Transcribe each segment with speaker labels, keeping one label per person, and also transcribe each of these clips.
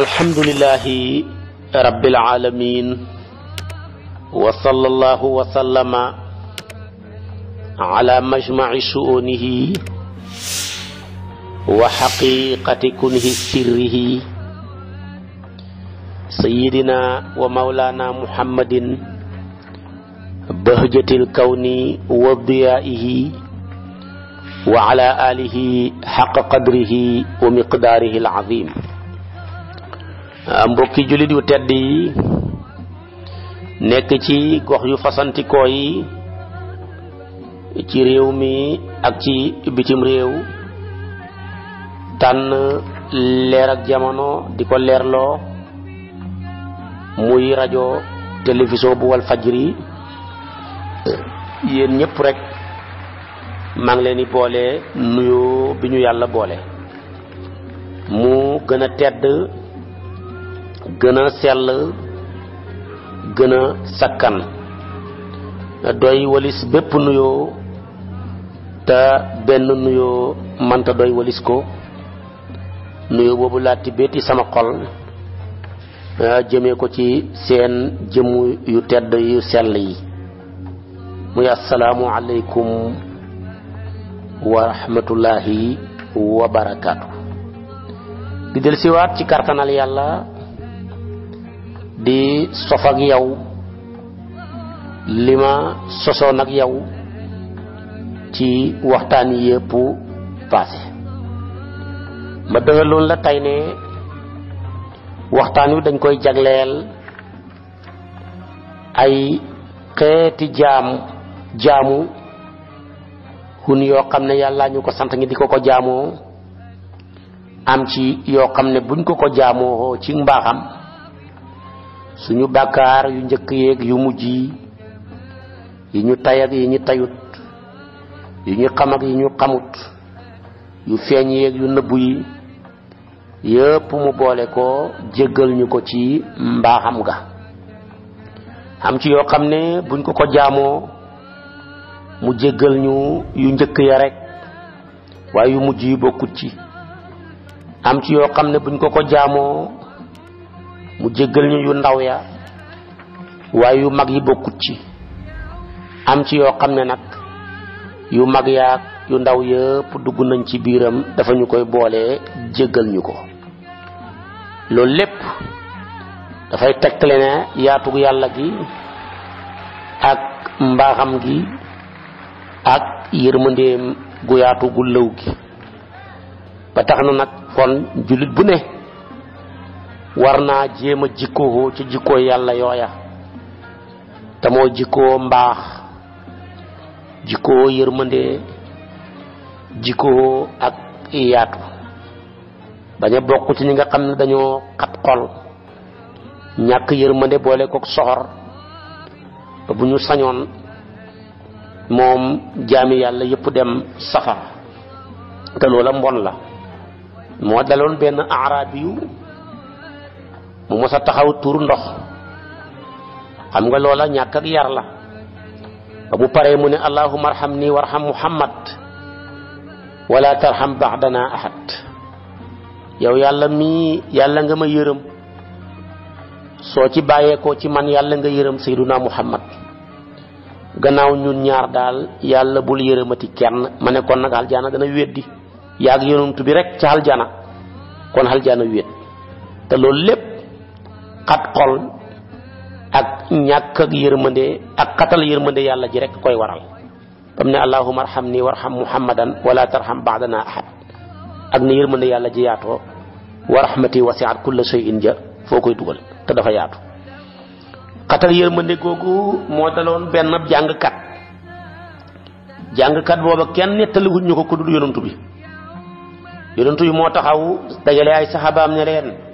Speaker 1: الحمد لله رب العالمين وصلى الله وسلم على مجمع شؤونه وحقيقة كنه سره سيدنا ومولانا محمد بهجة الكون وضيائه وعلى آله حق قدره ومقداره العظيم Ah, mbokki jullit yu tedd yi nekk ci gox yu fasantikoo yi ci réew mi ak ci bitim réew tànn leer ak jamono di ko leerloo muy rajo télévision bu wal fajri yéen ñëpp rekk maa leen di boole nuyoo bi ñu yàlla boole mu gën tedd gën a sell gën a sakkan doy walis bépp nuyoo te benn nuyoo manta doy walis ko nuyoo boobu laa tibbeeti sama xol jëmee ko ci seen jëmm yu tedd yu sell yi muy assalaamu aleykum wa rahmatullahi wa del siwaat ci kartanal yàlla di sof ak yow li ma sosoon ak yow ci waxtaan yépp passé ma dëgaloon la tey ne waxtaan wi dañ koy jagleel ay xeeti jaam jaamu hun yoo xam ne yàlla ñu ko sant ngi di ko ko jaamoo am ci yoo xam ne buñ ko ko jaamoo ci mbaaxam suñu bàkkaar yu njëkk yeeg yu mujj yi yu ñu tay ak yi ñu tayut yu ñu xam yi ñu xamut yu feeñ yeeg yu nëbbu yi yépp mu boole ko jéggal ñu ko ci mbaaxam ga am ci yoo xam ne buñ ko ko jaamoo mu jéggal ñu yu njëkk ya rekk waaye yu mujj yi bokkut ci am ci yoo xam ne buñ ko ko jaamoo mu jéggal ñu yu ndaw ya waaye yu mag yi bokkut ci am ci yoo xam ne nag yu mag yaag yu ndaw yëpp dugg nañ ci biiram dafa ñu koy boole jéggal ñu ko loolu lépp dafay tegtale ne yaatug yàlla gi ak mbaaxam gi ak yërmandeem gu yaatu gu lëw gi ba tax na nag kon jullit bu ne war naa jéem a jikkoo ci jikkoo yàlla yooya te moo jikkoo mbaax jikkoo yërmande jikkoo ak yaatu bañ a ci ñi nga xam ne dañoo xat xol ñàkk yërmande boole kook soxor ba bu ñu sañoon moom jaami yàlla yëpp dem safara te loola mbon la moo daloon benn arabi mu mos a taxaw tur ndox xam nga loola ñàkk ak yar la ba mu paree mu ne allahuma arham nii wa warham muhammad wala tarham baadana ahad yow yàlla mii yàlla nga ma yërëm soo ci bàyyeekoo ci man yàlla nga yërëm sayduna muhammad gannaaw ñun ñaar daal yàlla bul yërëmati kenn ma ne kon nag aljana dana weddi yaag yonent bi rek ci aljana kon aljana wéet te loolu lépp xat xol ak ñàkk ak yërmande ak xatal yërmande yàlla ji rekk koy waral bam ne allahuma arham nii warham muhammadan wala tarham baadana ahad ak ne yërmande yàlla ji yaatoo wa rahmati wasiat kulla shay'in ja foo koy dugal te dafa yaatu xatal yërmande googu moo daloon benn jàngkat jàngkat booba kenn nettaliwuñ ñu ko ku dul yonantu bi yonantu bi moo taxaw dajale ay saxaabaam ne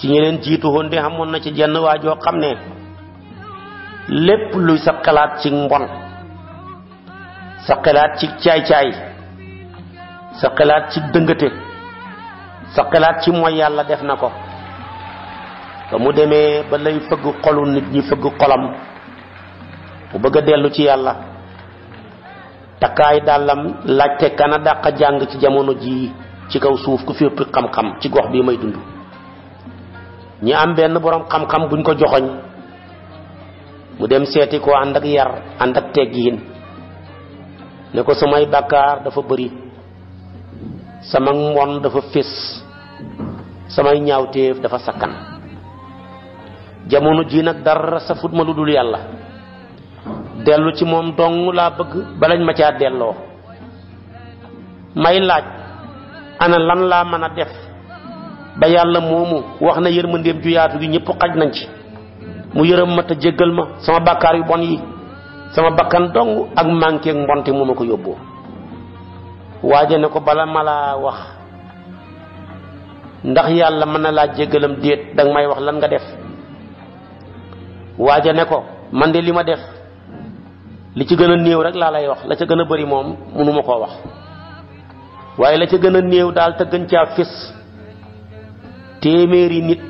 Speaker 1: ci ñeneen jiitu woon de xamoon na ci jenn waa joo xam ne lépp luy sa xalaat ci mbon sa xalaat ci caay-caay sa xalaat ci dëngate sa xalaat ci mooy yàlla def na ko ba mu demee ba lay fëgg xolu nit ñi fëgg xolam mu bëgg a dellu ci yàlla takkaay dàllam laajte kana dàq jàng ci jamono ji ci kaw suuf ku fi ëpp xam-xam ci gox bii may dund ñi am benn borom xam-xam buñ ko joxoñ mu dem seeti ko ànd ak yar ànd ak teggiin ne ko sumay bàkkaar dafa bëri sama ngon dafa fés sama ñaawteef dafa sakkan jamono ji nag dara fut ma lu dul yàlla dellu ci moom dong la bëgg balañ ma caa delloo may laaj ana lan laa mën a def ba yàlla moomu wax na yërmandeem ju yaatu gi ñëpp xaj nañ ci mu yërëm ma te jéggal ma sama bàkkaar yu bon yi sama bakkan dong ak manqué ak mbonte mu ma ko yóbboo waaje ne ko bala ma laa wax ndax yàlla mën na laa jéggalam déet danga may wax lan nga def waaja ne ko man de li ma def li ci gën a néew rek laa lay wax la ca gën a bari moom mënuma koo wax waaye la ca gën a néew daal te gën caa fés téméri nit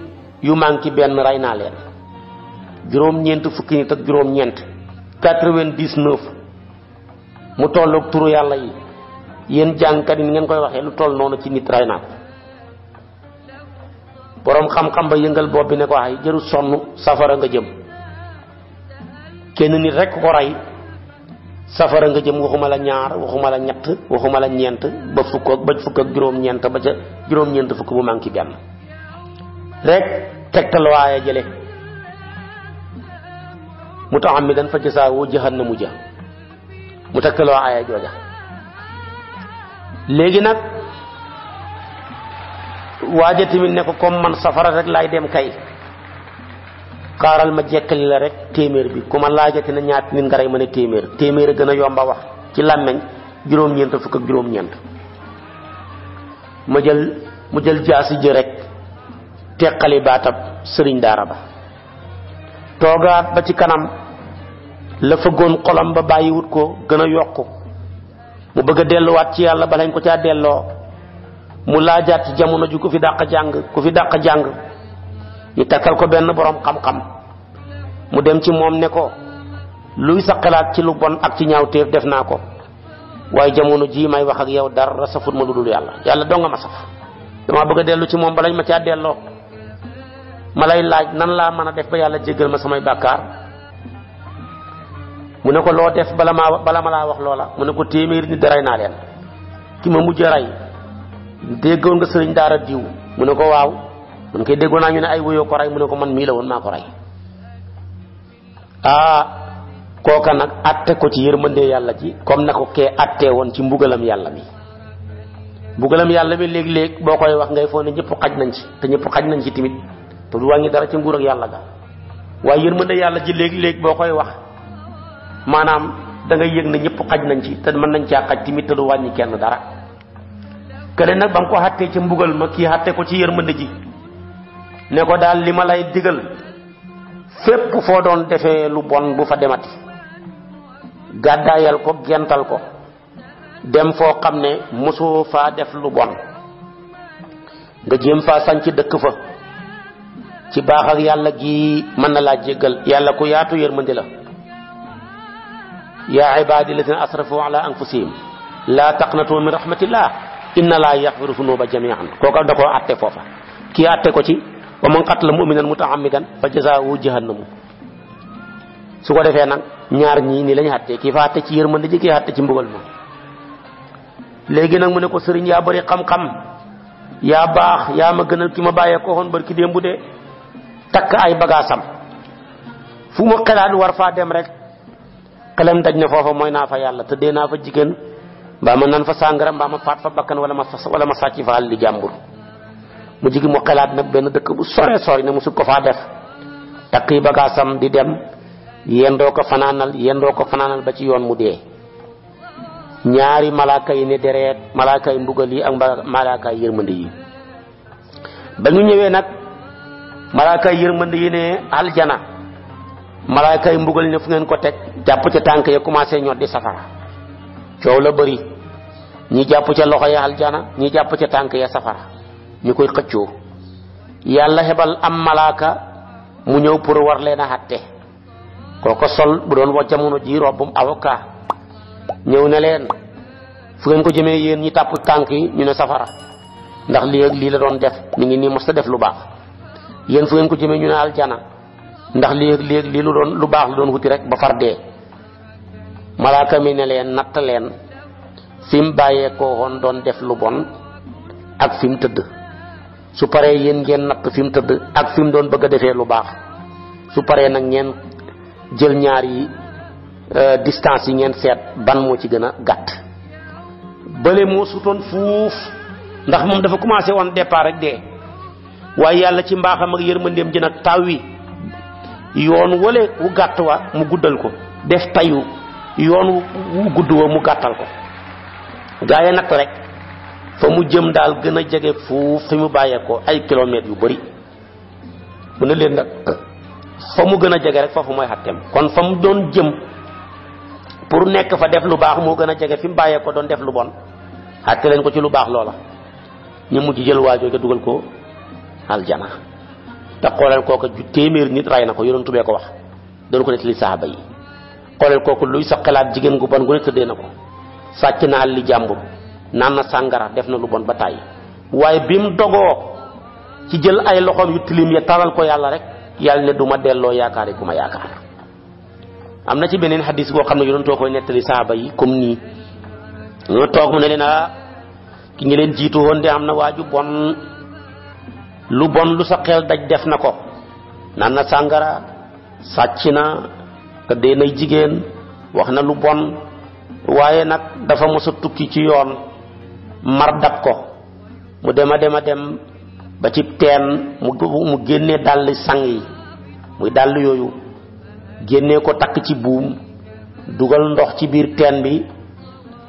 Speaker 1: yu manki ben rayna len juroom ñent fukki nit ak juroom ñent 99 mu tolloog turu yalla yi yeen jankat ni ngeen koy waxe lu toll nonu ci nit rayna borom xam-xam ba yeengal bobbi ne ko ay jëru sonu safara nga jëm kenn nit rek ko ray safara nga jëm waxuma la ñaar waxuma la ñett waxuma la ñent ba fukk ak ba fukk ak juroom ñent ba ca juroom ñent fukk bu manki rek tegtal waaye jële mu taxam mi dan fa jasa woo jëxan na mu ja mu tegtal waaye jooja léegi nag waaja tamit ne ko comme man safara rek laay dem kay xaaral ma jekkali la rek téeméer bi ku ma laajati na ñaat nit nga rey ma ne téeméer téeméer a gën a yomba wax ci làmmeñ juróom-ñeent fukk ak juróom-ñeent ma jël mu jël jaasi ji rek teqali batab sëriñ daara ba toogaat ba ci kanam la fëggoon xolam ba bàyyiwut ko gëna a yokk mu bëgg delu wat ci ba lañ ko caa delo mu laajaat ci jamono ju ko fi dàq jang ku fi dàq jang ñu takkal ko ben borom xam-xam mu dem ci mom ne ko luy saxalat ci lu bon ak ci ñaawteef def naa ko waaye jamono ji may wax ak yow dara safut ma lu dul yàlla yàlla ma saf dama bëgg delu ci balañ ma delloo ma lay laaj nan laa mën a def ba yàlla jéggal ma samay bàkkaar mu ne ko loo def bala ma bala ma laa wax loola mu ne ko téeméeri nit rey naa leen ki ma mujj rey déggoon nga sëriñ daara diw mu ne ko waaw man koy déggoon naa ñu ne ay woyoo ko rey mu ne ko man mii la woon maa ko rey aa ah, kooka nag atte ko ci yërmandee yàlla ji comme na ko kee attee woon ci mbugalam yàlla mi mbugalam yàlla mi léeg-léeg boo koy wax ngay foog ne ñëpp xaj nañ ci te ñëpp xaj nañ ci tamit te du wàññi dara ci nguur ak yàlla ga waaye yërmande yàlla ji léegi léeg boo koy wax maanaam dangay ngay yëg ne ñëpp xaj nañ ci te mën nañ caa xaj tamit te du wàññi kenn dara kene nag ba mu ko xàttee ca mbugal ma kii xàtte ko ci yërmande ji ne ko daal li ma lay digal fépp foo doon defee lu bon bu fa demati gàddaayal ko gental ko dem foo xam ne mosoo faa def lu bon nga jéem faa sanc dëkk fa ci baax ak yàlla gi man na laa jéggal yàlla ku yaatu yërmandi la ya ibaadi alladina asrafu ala anfusihim laa taqnatu min rahmatillah inna laa yaxfiru zunuba jamian kooka da koo atte foofa kii atte ko ci wa man qatala muminan mutaamidan fa jazaahu jahannamu su ko defee nag ñaar ñii nii lañu àttee kii fa àtte ci yërmande ji kii àtte ci mbugal ma léegi nag mu ne ko sëriñ yaa bari xam-xam yaa baax yaa ma gënal ki ma bàyyee ko xoon takk ay bagaasam fu mu xelaat war faa dem rek xelam daj na foofa mooy naa fa yàlla te dee naa fa jigéen mbaa ma nan fa sàngara mbaa ma faat fa bakkan wala ma wala ma sàcc fa àlli jàmbur mu jigi mu xelaat nag benn dëkk bu sore sori ne musu ko faa def takk yi bagaasam di dem yendoo ko fanaanal yendoo ko fanaanal ba ci yoon mu dee ñaari malaaka yi ne dereet mbugal yi ak malaaka yi yi ba ñu ñëwee nag malaakaay yërmande yi ne aljana malaakaay mbugal ne fu ngeen ko teg jàpp ca tànk ya commencé ñoo di safara coow la bari ñi jàpp ca loxo ya aljana ñi jàpp ca tànk ya safara ñu koy xëccoo yàlla xebal am malaaka mu ñëw pour war leen kooko sol bu doon wa jamono ji robbum avocat ñëw ne leen fu ngeen ko jëmee yéen ñi tàpp tànk yi ñu ne safara ndax lii la doon def mi ngi nii mos def lu baax Yen fu ngeen ko jëmee ñu ne aljana ndax léeg léeg li lu doon lu baax lu doon wuti rek ba far dee malaaka mi ne leen natt leen fi mu bàyyeekoo woon doon def lu bon ak fim mu tëdd su paree yéen ngeen natt fi tëdd ak fim don doon bëgg a defee lu baax su paree nag ngeen jël ñaar yi euh, distance yi ngeen seet ban moo ci gën a gàtt bële moo sutoon fuuf ndax moom dafa commencé woon départ rek dee waaye yàlla ci mbaaxam ak yërmandeem ji nag taw wi yoon wale wu gàtt wa mu guddal ko def tayu yoon wu gudd wa mu gàttal ko gaa yi nag rek fa mu jëm daal gën a jege bàyyeekoo ay kilomètres yu bari mu ne leen nag fa mu gën a jege rek foofu mooy xatteem kon fa mu doon jëm pour nekk fa def lu baax moo gën a jege fi mu bàyyee doon def lu bon xatte leen ko ci lu baax loola ñu mujj jël waajoo ga dugal ko aljana te xoolal kooka ju téeméer nit ray na ko yonent bee ko wax doon ko nettali saaba yi xoolal kooku luy sa xalaat jigéen gu bon gu ne tëddee na ko sàcc na li jàmbur naan na sàngara def na lu bon ba tàyyi waaye bi mu dogoo ci jël ay loxoom yu tilim ya ko yàlla rek yàlla ne du ma delloo yaakaari ku ma yaakaar am na ci beneen xadis boo xam ne yonentoo koy nettali saaba yi comme nii ñoo toog mu ne leen ah ki ñu leen jiitu woon de lu bon lu sa xel daj def nako nan na sangara sàcc ke de nay jigen waxna lu bon waye nak dafa musa tukki ci yoon mar dab ko mu dema dema dem ba ci ten mu mu genné dal sang yi muy dal yoyu genné ko tak ci boom dugal ndox ci bir ten bi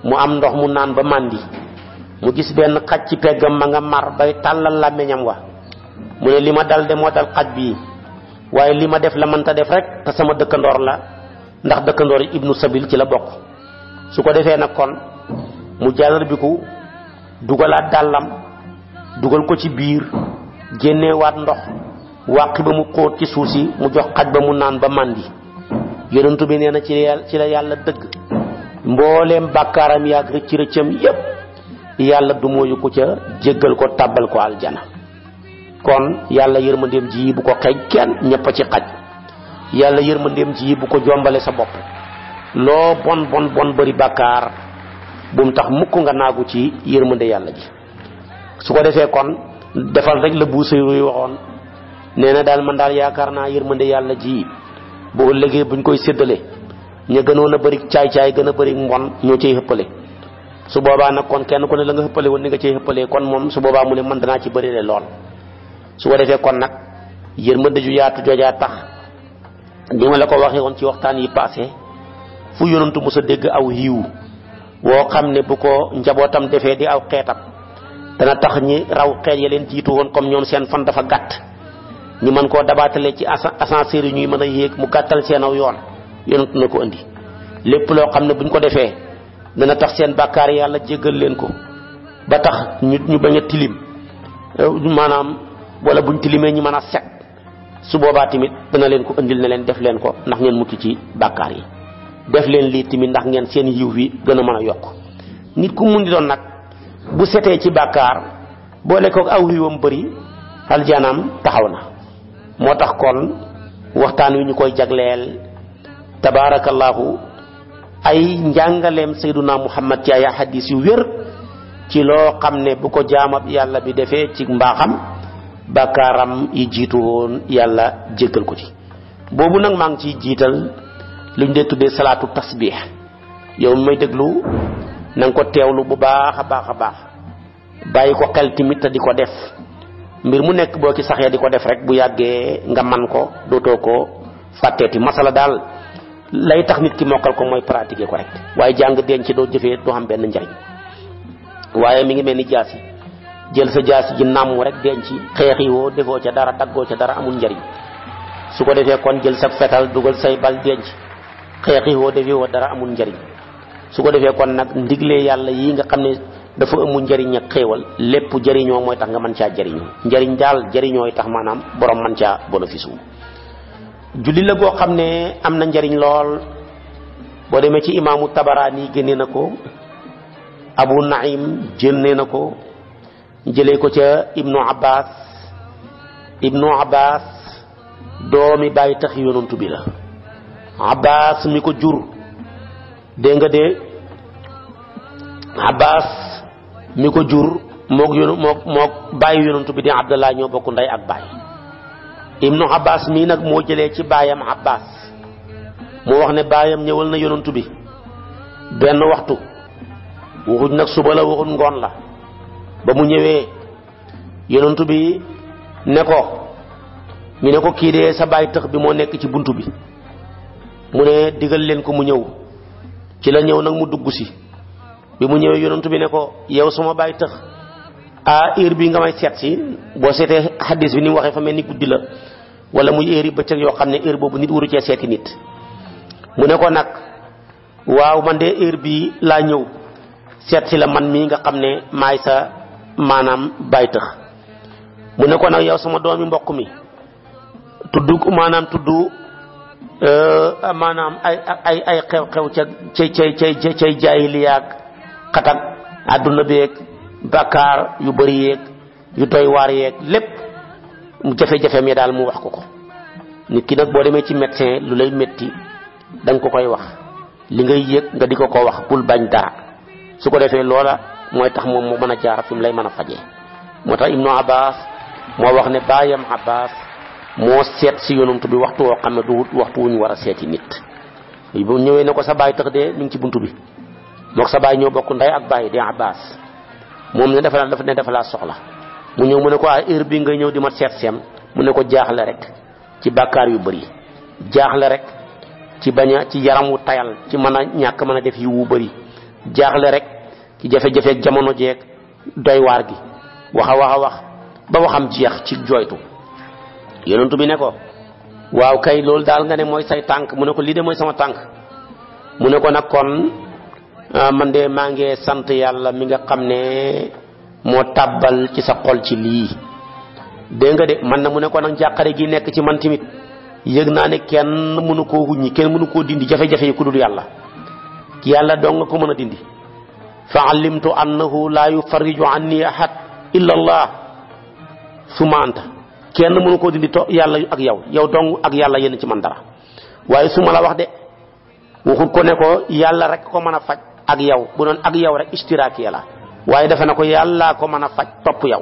Speaker 1: mu am ndox mu nan ba mandi mu gis ben xacc ci peggam ma nga mar bay tàllal làmmiñam wa mu ne li ma dal de moo dal xaj bii waaye li ma def la mënta def rek te sama dëkkandoor la ndax dëkkandoor ibnu sabil ci la bokk su ko defee nag kon mu jàllar biku dugalaat dàllam dugal ko ci biir génnewaat ndox wàqi ba mu xóot ci suuf mu jox xaj ba mu naan ba màndi yonentu bi nee na ci ci la yàlla dëgg mbooleem bàkkaaram yaag rëcc rëccam yépp yàlla du mooyu ko ca jéggal ko tàbbal ko aljana kon yàlla yërmandeem ji bu ko xeej kenn ñëpp a ci xaj yàlla yërmandeem ji bu ko jombalee sa bopp loo bon bon bon bari bàkkaar bu mu tax mukk nga naagu ci yërmande yàlla ji su ko defee kon defal rek la bu sëyruy waxoon nee na daal man daal yaakaar naa yërmande yàlla ji bu ëllëgee buñ koy séddale ña gënoon a bëri caay-caay gën a bëri mbon ñoo cay xëppale su boobaa nag kon kenn ku ne la nga xëppale woon ni nga cay xëppalee kon moom su boobaa mu danaa ci bëri le lool su ko defee kon nag yërmande ju yaatu joojaa tax ni ma la ko waxee woon ci waxtaan yi passé fu yonantu mos sa dégg aw yiwu woo xam ne bu ko njabootam defee di aw xeetam dana tax ñi raw xeet ya leen jiitu woon comme ñoom seen fan dafa gàtt ñu mën koo dabaatale ci ascenseur yi ñuy mën a yéeg mu gàttal seen aw yoon yonantu na ko indi lépp loo xam ne buñ ko defee dana tax seen bàkkaar yàlla jéggal leen ko ba tax ñu ñu bañ tilim euh, maanaam wala buñ tilimee ñi mën a set su boba timit dana leen ko bakari, na leen def leen ko ndax ngeen mukk ci bakkar yi def leen li tamit ndax ngeen seen yiw wi gëna mëna yok nit ku mundi di doon bu sété ci bàkkaar boole koog aw yiwam bari aljanaam taxaw na motax kon waxtaan wi ñu koy jagleel tabarakallahu ay njàngaleem sayduna muhammad ci ay hadis yu wér ci loo xam ne bu ko jaamab yàlla bi defee ci mbaaxam bakaram yi jiitu woon yàlla jéggal ko ci boobu nag maa ngi ciy jiital luñ dee tuddee salaatu tasbih yow may déglu na nga ko teewlu bu baax a baax a baax bàyyi ko xel timit te di ko def mbir mu nekk boo ci saxee di ko def rek bu yàggee nga man ko dootoo ko fàtteeti masala daal lay tax nit ki mokkal ko mooy pratiquer ko rek waaye jàng denc doo jëfee doo am benn njariñ waaye mi ngi mel ni jël sa jaas ji nàmm rek denc xeexi woo defoo ca dara taggoo ca dara amul njariñ su ko defee kon jël sa fetal dugal say bal denc xeexi woo defee woo dara amul njariñ su ko defee kon nag ndigle yàlla yi nga xam ne dafa amul njariñ ak xéewal lépp jariñoo mooy tax nga mën caa jariñoo njariñ daal jariñoo yi tax maanaam borom mën caa bénéfice wu julli la goo xam ne am na njariñ lool boo demee ci imaamu tabaraani génnee na ko abu naim génnee na ko jele ko ca ibnu abbas ibnu abbas domi bàyyi tax yonantu bi la abbas mi ko jur de nga de abbas mi ko jur
Speaker 2: mok yon mok
Speaker 1: mok bàyyi yonantu bi di abdallah ño bokku nday ak bàyyi ibnu abbas mi nak mo jele ci bayam abbas mu wax ne bayam ñewal na yonantu bi ben waxtu waxuñ nak suba la waxuñ ngon la ba mu ñëwee yonentu bi ne ko ñu ne ko kii de sa bàyyi tax bi moo nekk ci buntu bi mu ne digal leen ko mu ñëw ci la ñëw nag mu dugg si bi mu ñëwee yonentu bi ne ko yow sama bàyyi tax a heure bi nga may seet si boo seetee xadis bi ni mu fa mel guddi la wala muy heure yi bëccëg yoo xam ne heure boobu nit waru cee seeti nit mu ne ko nag waaw man de heure bi laa ñëw seet si la man mii nga xam ne sa maanaam bay mu ne kon nag yow sama doomi mbokk mi tudd maanaam tudd euh, maanaam ay ay ay xew-xew ca cay cay cay cay jaahiliyaak xatak àdduna beeg bàkkaar yu bëri yeeg yu doy waar yeeg lépp jafe-jafe mi daal mu wax ko ko nit ki nag boo demee ci médecin lu lay métti da ko koy wax li ngay yëg nga di ko ko wax bul bañ dara su ko defee loola mooy tax moom mu mën a jaar fi lay mën a faje moo tax ibnu abbas moo wax ne baayam abbas moo seet si yonantu bi waxtu woo xam ne du waxtu wu ñu war a seeti nit bu ñëwee ne ko sa baay tax de ñu ngi ci buntu bi mook sa baay ñoo bokk ndey ak baay di abbas moom ne dafa ne dafa laa soxla mu ñëw mu ne ko ah heure bi nga ñëw di ma seet seem mu ne ko jaaxle rek ci bàkkaar yu bëri jaaxle rek ci bañ a ci yaram wu tayal ci mën a ñàkk mën a def yi bëri jaaxle rek ci jafe-jafe ak jamono jeeg doy war gi waxa waxa wax ba waxam jeex ci joytu yonentou bi ne ko waaw kay lol dal nga ne moy say tank, mu ne ko li de moy sama tank, mu ne ko nak kon ah, man de mangé sante yalla mi nga xamné mo tabal ci sa xol ci li dégg nga de man na mu ne ko nak njàqare gi nek ci man timit yëg ne kenn ko kenn ko dindi jafe-jafe ku dul ki yalla dong ko meuna dindi fa alimtu annahu laa yufarriju anni ahad illa allah suma anta kenn mënu koo dindi to yàlla ak yow yow dong ak yàlla yéen ci man dara waaye suma la wax de waxut ko ne ko yàlla rek ko mën a faj ak yow bu doon ak yow rek istiraaki la waaye defe na ko yàllaa ko mën a faj topp yow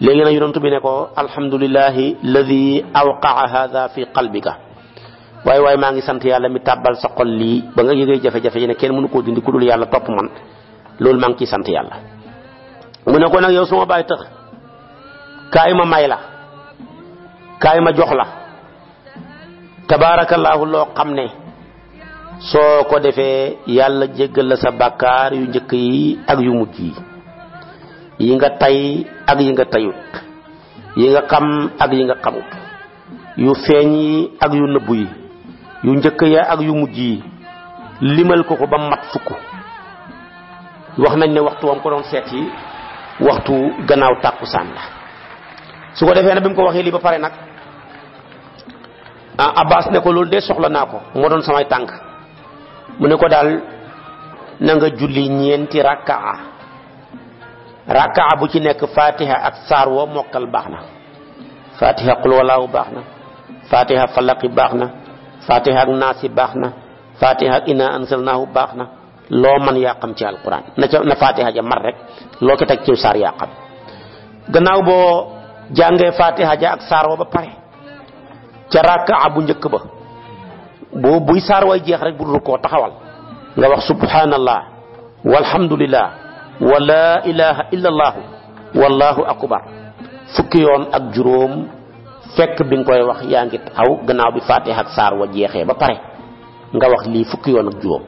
Speaker 1: léegi nag yonent bi ne ko alhamdulillahi alladi awqaa hada fi qalbika waaye waaye maa ngi sant yàlla mi tàbbal sa xol lii ba nga yëgee jafe-jafe yi ne kenn mënu koo dindi ku dul yàlla topp man loolu maa ngi ciy sant yàlla mu ne ko nag yow suma bàyyi tax kaay ma may la kaay ma jox la tabaarakallaahu loo xam ne soo ko defee yàlla jéggal la sa bàkkaar yu njëkk yi ak yu mujj yi yi nga tay ak yi nga tayut yi nga xam ak yi nga xamut yu feeñ ak yu yu njëkk ya ak yu mujj yi limal ko ko ba mat fukk wax nañ ne waxtu wam ko doon seet yi waxtu gannaaw tàkkusaan la su ko defee na bi ko waxee lii ba pare nag ah, abbas ne ko loolu de soxla naa ko moo doon samay tànk mu ne ko daal na nga julli ñeenti rakkaa rakkaa bu ci nekk fatiha ak saar wo mokkal baax na fatiha qul walaahu baax na fatiha falaqi baax fatiha ak baax na fatiha ak inna baax na loo man yaa xam ci alquran na ca na mar rek loo ko teg ci saar yaa xam gannaaw boo jàngee fatiha ja ak saar wa ba pare ca rakka bu njëkk ba boo buy saar way jeex rek bu dul koo taxawal nga wax subhanallah walhamdulillah wa la ilaha akbar fukki ak juróom fekk bi nga koy wax yaa ngi aw gannaaw bi fatiha ak saar wa jeexee ba pare nga wax lii fukki yoon ak juróom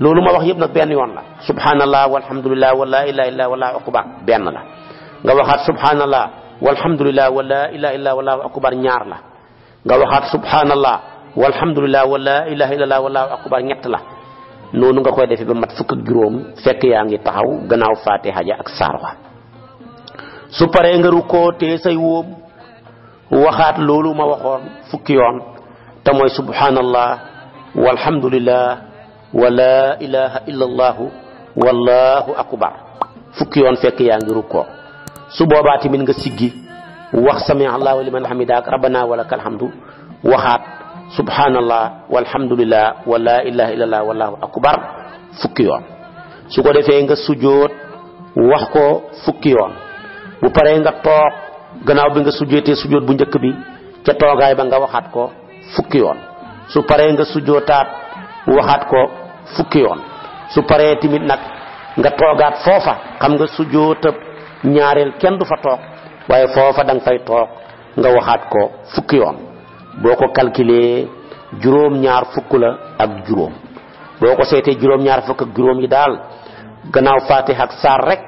Speaker 1: loolu ma wax yëpp nag benn yoon la subhanallah walhamdulillah wala ilaha illa wala akbar benn la nga waxaat subhanallah walhamdulillah wala ilaha illa wala akbar ñaar la nga waxaat subhanallah walhamdulillah wala ilaha illa wala akbar ñett la noonu nga koy defee ba mat fukk ak juróom fekk yaa ngi taxaw gannaaw fatiha ja ak saar wa su paree nga rukkoo tee say wóom waxaat loolu ma waxoon fukki yoon te mooy subhanallah walhamdulillah wa la ilaha illa allah wallahu akbar fukki yoon fekk yaa ngi rukkoo su boobaa tamit nga siggi wax sami allahu liman hamidaak rabbana wa lakal hamdu waxaat subhanallah walhamdulillah wa la ilaha illa allah wallahu akbar fukki yoon su ko defee nga sujoot wax ko fukki yoon bu paree nga toog gannaaw bi nga sujjootee sujjoot bu njëkk bi ca toogaay ba nga waxaat ko fukki yoon su paree nga sujjootaat waxaat ko fukki yoon su paree timit nag nga toogaat foofa xam nga sujjootab ñaareel kenn du fa toog waaye foofa da nga fay toog nga waxaat ko fukki yoon boo ko calculer juróom ñaar fukk la ak juróom boo ko seetee juróom ñaar fukk ak juróom yi daal gannaaw fatihak rek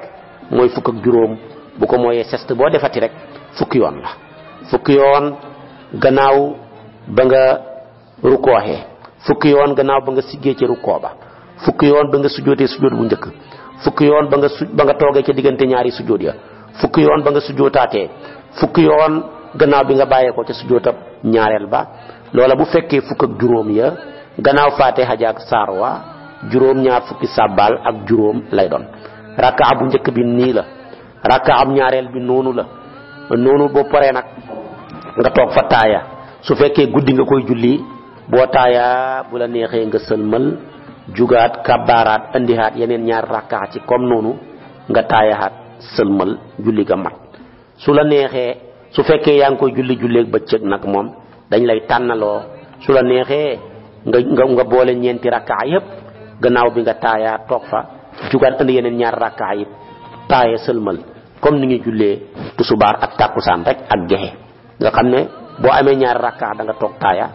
Speaker 1: mooy fukk ak juróom bu ko mooyee sest boo defati rek fukki yoon la fukki yoon gannaaw ba nga rukooxee fukki yoon gannaaw ba nga siggee Fukion rukoo ba fukki yoon ba nga Fukion sujoot bu njëkk fukki yoon ba nga su ba nga toogee ci diggante ñaari sujoot ya fukki yoon ba nga fukki yoon gannaaw bi nga ko ca ñaareel ba loola bu fekkee fukk ak juróom ya gannaaw ak sarwa juróom ñaar fukki sàbbaal ak juróom lay doon rakka bu njëkk bi nii la rakka am ñaareel bi noonu la nonu bo pare nak nga tok fa taaya su fekke guddi nga koy julli bo taaya bu la neexee nga selmal jugaat kabaaraat indihaat yenen ñaar rakka ci comme nonu nga hat selmal julli ga mat su la neexee su fekke yang koy julli ak beccëk nak mom dañ lay tanalo su la neexee nga nga nga boole ñenti rakka yépp gannaaw bi nga taayaa tok fa jugaat andi yenen ñaar rakka yépp taaya selmal comme ni ngi jullee tusubaar ak takusan rek ak gehe nga xam bo amé ñaar rakka da nga tok taya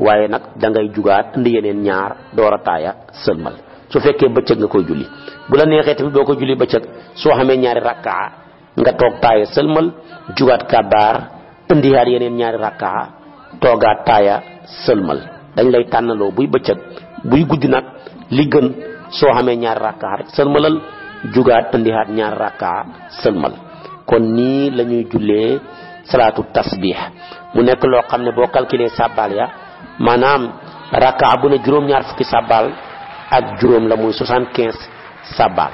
Speaker 1: waaye nak da ngay jugaat andi yenen ñaar door a taaya sëlmal su fekkee beccëg nga koy julli bu la neexee tamit boo ko julli beccëg su xamé ñaari rakka nga tok taya seulmal jugaat andi yar yenen ñaari rakka toga taya seulmal dañ lay tanalo buy beccëg buy li gën so xamé ñaar rakka rek seulmalal jugaat indihaat ñaar rakka sëlmal kon nii la ñuy jullee salaatu tasbih mu nekk loo xam ne boo calculer sàbbaal ya maanaam rakka bu ne juróom-ñaar fukki sàbbaal ak juróom la muy soixante quinze sàbbaal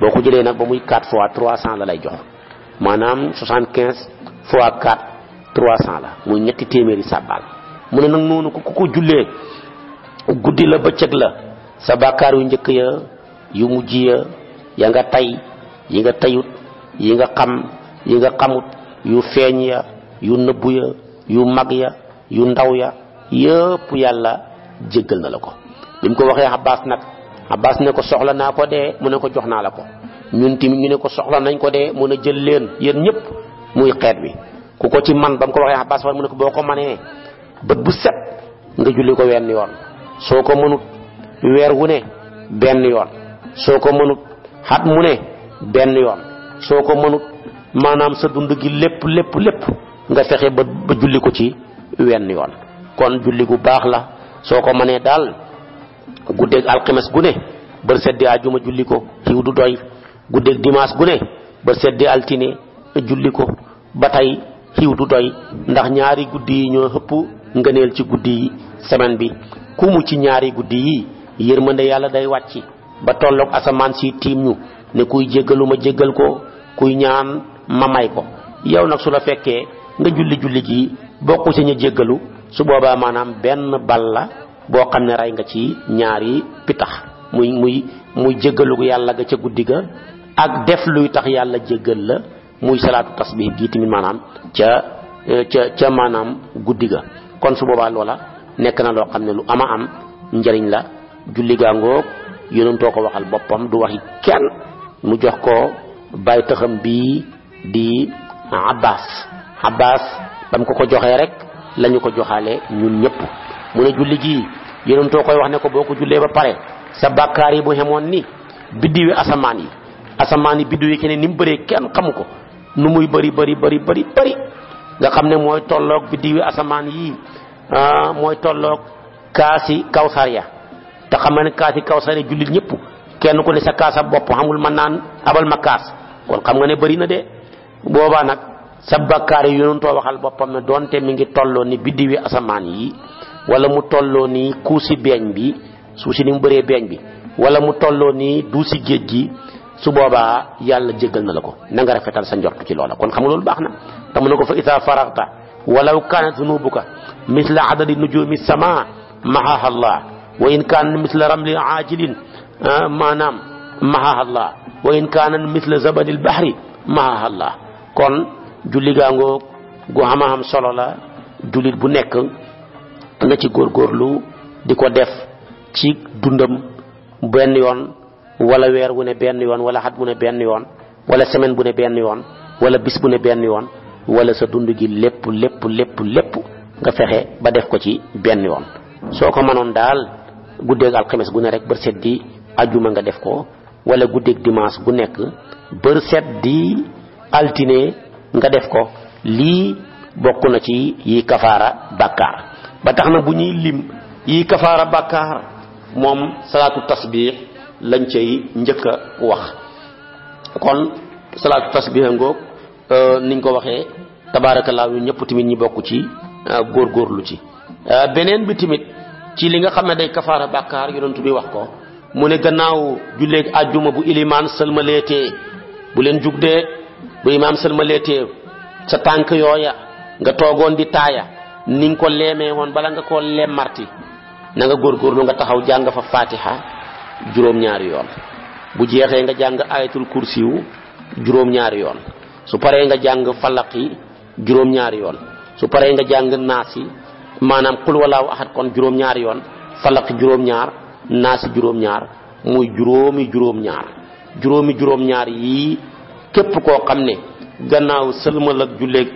Speaker 1: boo ko jëlee nag ba muy quatre fois trois cent la lay jox maanaam soixante quinze fois la muy ñetti téeméeri sàbbaal mu ne nag noonu ku ko jullee guddi la bëccëg la sa bàkkaar yu njëkk ya yu mujj ya ya nga tey yi nga tayut yi nga xam yi nga xamut yu feeñ ya yu nëbbu ya yu mag ya yu ndaw ya yëpp yàlla jéggal na la ko bi mu ko waxee Abbas nag Abbas ne ko soxla naa ko dee mu ne ko jox naa la ko ñun ñu ne soxla nañ ko dee mun a jël leen yéen ñëpp muy xeet wi ku ko ci man ba mu ko waxee Abbas war mu ne ko boo ko manee bët bu set nga julli ko wenn yoon soo ko mënut weer wu ne benn yoon soo ko mënut xat mu ne benn yoon soo ko mënut maanaam sa dund gi lépp lépp lépp nga fexe ba ba julli ko ci wenn yoon kon julli gu baax la soo ko mënee daal guddeeg alxames gu ne bër seddi ajuma julli ko xiw du doy guddeeg dimanche gu ne bër altine julli ko ba tey xiw du doy ndax ñaari guddi yi ñoo ëpp ngëneel ci guddi yi semaine bi ku mu ci ñaari guddi yi yërmande yàlla day wàcc ba tollok asaman si tim ñu ne kuy jéggaluma jéggal ko kuy ñaan ma may ko yow nag su la fekkee nga julli julli ji bokku ci ñu jéggalu su boobaa maanaam benn bal la boo xam ne rey nga ci ñaari pitax muy muy muy jéggalu yàlla ga ca guddi ak def luy tax yàlla jéggal la muy salaatu tasbih gi timi maanaam ca e, ca ca maanaam guddi kon su boobaa loola nekk na loo xam ne lu ama am njariñ la julli gango yonento ko waxal boppam du waxi kenn mu jox ko bay taxam bi di abbas abbas bam ko ko joxe rek lañu ko joxale ñun ñepp mu ne julli ji yonento koy wax ne ko boko julle ba pare sa bakari bu xemoon ni biddiwi asamani yi asamaan yi biddiwi ki ne kenn ko nu muy bari bari bari bari bari nga xamne ne mooy tolloog biddiwi asamaan yi ah, mooy tolloog kaasi kawsar ya te xam ne kaasi kaw sare julit ñëpp kenn ku ne sa kaasa bop amul man naan abal makas. kon xam nga ne bari na de boba nak sa yu yi to waxal bopam ne donte mi ngi tollo ni biddiwi asaman yi wala mu tollo ni kusi beñ bi suuf ni mu bëree beñ bi wala mu tollo ni duusi geej gi su boba yalla jéggal na la ko na nga rafetal sa njort ci loola kon xam nga loolu baax tam na ko fa isa faraqta walau kanat dhunubuka misla adadi nujumi sama maha allah wa in kaana misla ramli aajilin maanaam mahahallaa wa in kaana misla zabalil bahri mahahallaa kon julli gaangoog gu xam xam solo la jullit bu nekk na ci góor góorgóorlu di ko def ci dundam benn yoon wala weer wu ne benn yoon wala xat bu ne benn yoon wala semaine bu ne benn yoon wala bis bu ne benn yoon wala sa dund gi lépp lépp lépp lépp nga fexe ba def ko ci benn yoon soo ko mënoon daal guddeeg alxames gu ne rek bër di aljuma nga def ko wala guddeeg dimanche gu nekk bër set di altine nga def ko li bokku na ci yi kafara bakar ba tax na lim yi kafara bakar moom salatu tasbih lañ cey njëkk wax kon salatu tasbih ngoog euh, niñ ko waxee tabarakallah ñun ñëpp timit ñi bokk ci euh, góorgóorlu ci euh, beneen bi timit ci li nga xam day kafara bakkar yonent bi wax ko mu ne gannaaw ak aljuma bu salma sëlmaleetee bu len jug bu imam salma sëlmaleetee sa tank yoya nga togon di taya ning ko leemee won bala nga lemmarti na nga lu nga taxaw jang fa fatiha jurom ñaar yoon bu jeexee nga jang ayatul wu jurom ñaar yoon su paré nga jang falaqi jurom ñaar yoon su paré nga jang nasi manam qul wallahu ahad kon juroom ñaar yoon falak juroom ñaar nas juroom ñaar muy juróomi juróom ñaar juróomi juróom ñaar yi képp koo ne gannaaw sëlmal ak julleeg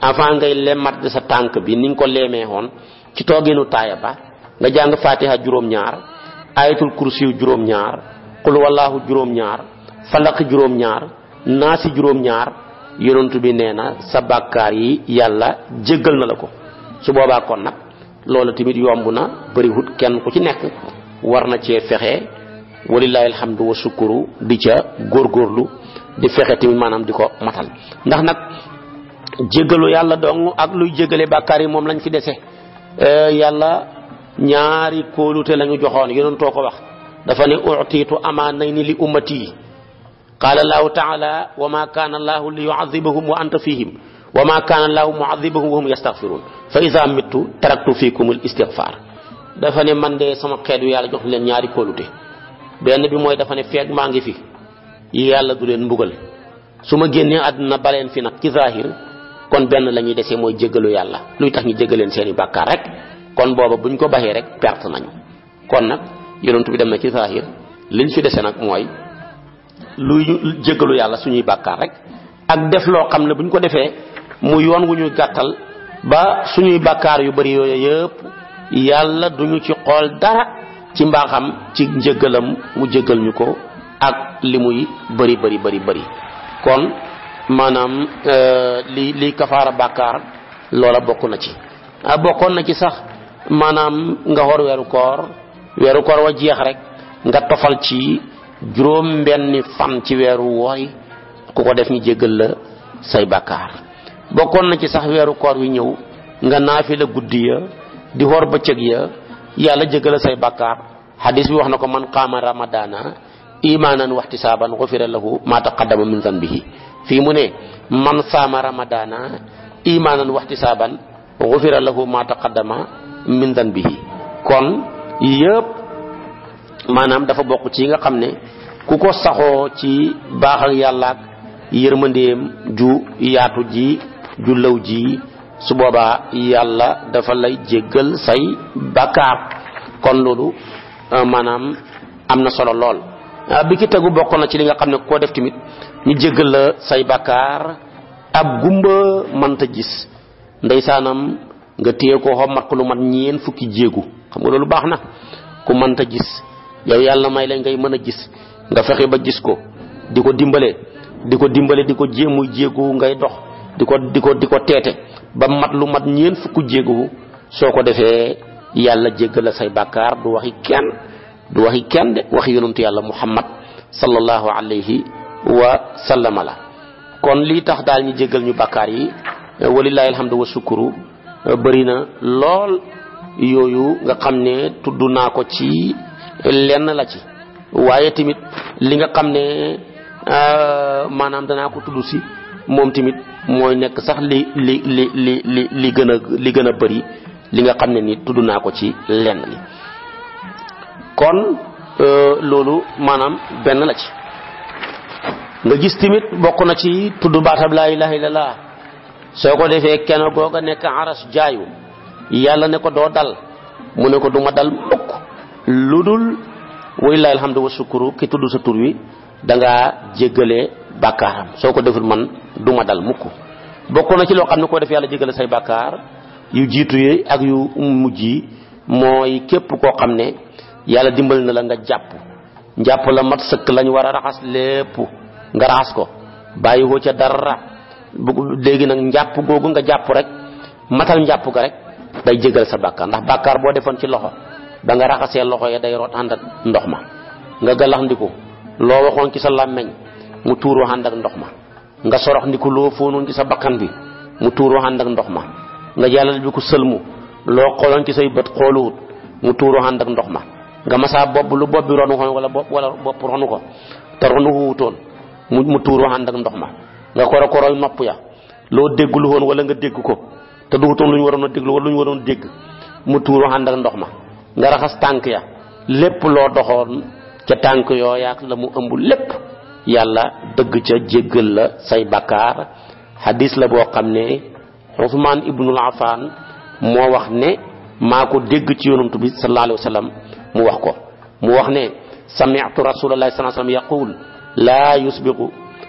Speaker 1: avant ngay lemat sa tank bi ni ko leemee hon ci togenu tayaba nga jang fatiha juróom ñaar ayatul kursi juróom ñaar qul wallahu juróom ñaar falak juróom ñaar naasi juróom ñaar yonentou bi neena sa bakkar yi yalla na la su boobaa kon nag loolu tamit yomb na bëriwut kenn ku ci nekk war na cee fexe walilahi alhamdu wa sukuru di ca góorlu di fexe tamit maanaam di ko matal ndax nag jéggalu yàlla dong ak luy jéggale bàkkaar yi moom lañ fi dese eh, yàlla ñaari kóolute la ñu joxoon yenoon too ko wax dafa ne utiitu amaanayni li ummati qaala allahu taala wa ma kaana allahu li yuazibahum wa anta fihim wa ma kaana allahu muadibahum wa hum yastaghfiruun fa ida mittu taraktu fiikum al istigfaar dafa ne man de sama xeet yàlla jox leen ñaari kóolute benn bi mooy dafa ne feeg maa ngi fi yàlla du leen mbugal su ma génnee àdduna baleen fi nag ci zahir kon benn la ñuy desee mooy jéggalu yàlla luy tax ñu jéggaleen seeni bàkkaar rek kon booba bu ñu ko baxee rek perte nañu kon nag yonent bi dem na ci zahir liñ fi dese nag mooy luy jéggalu yàlla suñuy bàkkaar rek mu yoon wu ñu gàttal ba suñuy bakkaar yu bari yooyu yëpp yàlla duñu ci xool dara ci mbaaxam ci njëggalam mu jëggal ñu ko ak li muy bari bari bari kon maanaam euh, li li kafaara bàkkaar loola bokk na ci ah, bokkoon na ci sax maanaam nga xoor weeru koor weeru koor wa jeex rek nga tofal ci juróom benni fan ci weeru woy ku ko def ñu jéggal la say bàkkaar bokon na ci sax wéru koor wi ñew nga naafi la guddi ya di hor ya yalla jëgël say bakkar hadis bi wax nako man qama ramadana imanan ihtisaban ghufira lahu ma taqaddama min dhanbihi fi mu ne man sama ramadana imanan ihtisaban ghufira lahu ma taqaddama min dhanbihi kon yépp manam dafa bok ci nga xam ne saxo ci baxal yalla yermandem ju yaatu ji jullaw ji su boobaa yàlla dafa lay jéggal say bakkaar kon loolu euh, maanaam am na solo lool euh, bi ki tegu bokk na ci li nga xam ne koo def tamit ñu jéggal la say bakkaar ab gumba mënta gis ndeysaanam nga téye ko xommat ko lu mat ñeen xam nga loolu baax na ku mënta gis yow yàlla may la ngay mën a gis nga fexe ba gis ko di ko dimbale di ko dimbale di ko jéemu jéegu ngay dox diko diko diko tété ba mat lu mat ñeen fukku jéggu soko défé yalla jéggal say bakkar du waxi kenn du waxi kenn de waxi yonentu yalla muhammad sallallahu alayhi wa sallam la kon li tax dal ñu jéggal ñu bakkar yi walillahi alhamdu wa shukru bari na lol yoyu nga xamné tuddu na ko ci lenn la ci waye tamit li nga xamné euh ah, manam dana ko tuddu ci mom tamit mooy nekk sax li li li li li li gën a li gën a bëri li nga xam ne ni tudd naa ko ci lenn li kon euh, loolu maanaam benn la ci nga gis tamit bokk na ci tudd baatab laa ilaha illallah soo ko defee kenn googa nekk aras jaayu yàlla ne ko doo dal mu ne ko du ma dal mukk lu dul walilahi alhamdu wa sukuru ki tudd sa tur wi da ngaa jéggale bakaram soko deful man duma dal mukk bokko na ci lo xamne ko def yalla jéggal say bakar yu jitu ye ak yu mujji moy kep ko xamne yalla dimbal na la nga japp japp la mat sekk lañ wara raxas lepp nga raxas ko bayyi ca dara legi nak japp gogu nga japp rek matal japp ga rek day jéggal sa bakar ndax bakar bo defon ci loxo da nga raxase loxo ya day rot andat ndox ma nga galax ndiko lo waxon ci sa mu tuur ànd ak ndox ma nga sorox ndi ko loo foonoon ci sa bakkan bi mu tuur ànd ak ndox ma nga jàllal bi ko sëlmu loo xooloon ci say bët xooluwut mu tuur ànd ndox ma nga masaa bopp lu bopp bi ronu ko wala bopp wala bopp ronu ko te ronu wuutoon mu mu tuur ànd ak ndox ma nga koro koroy nopp ya loo déggul woon wala nga dégg ko te dugutoon lu ñu waroon a déglu wala lu ñu waroon a dégg mu tuur ànd ak ndox ma nga raxas tànk ya lépp loo doxoon ca tànk yooyaak la mu ëmb lépp yàlla dëgg ca jéggal la say bakkaar hadis la boo xam ne Usmaan moo wax ne maa ko dégg ci yonantu bi sa alayhi wa mu wax ko mu wax ne sami'tu rasulallahi sallallahu alayhi wa sallam yaqul laa yusbiqu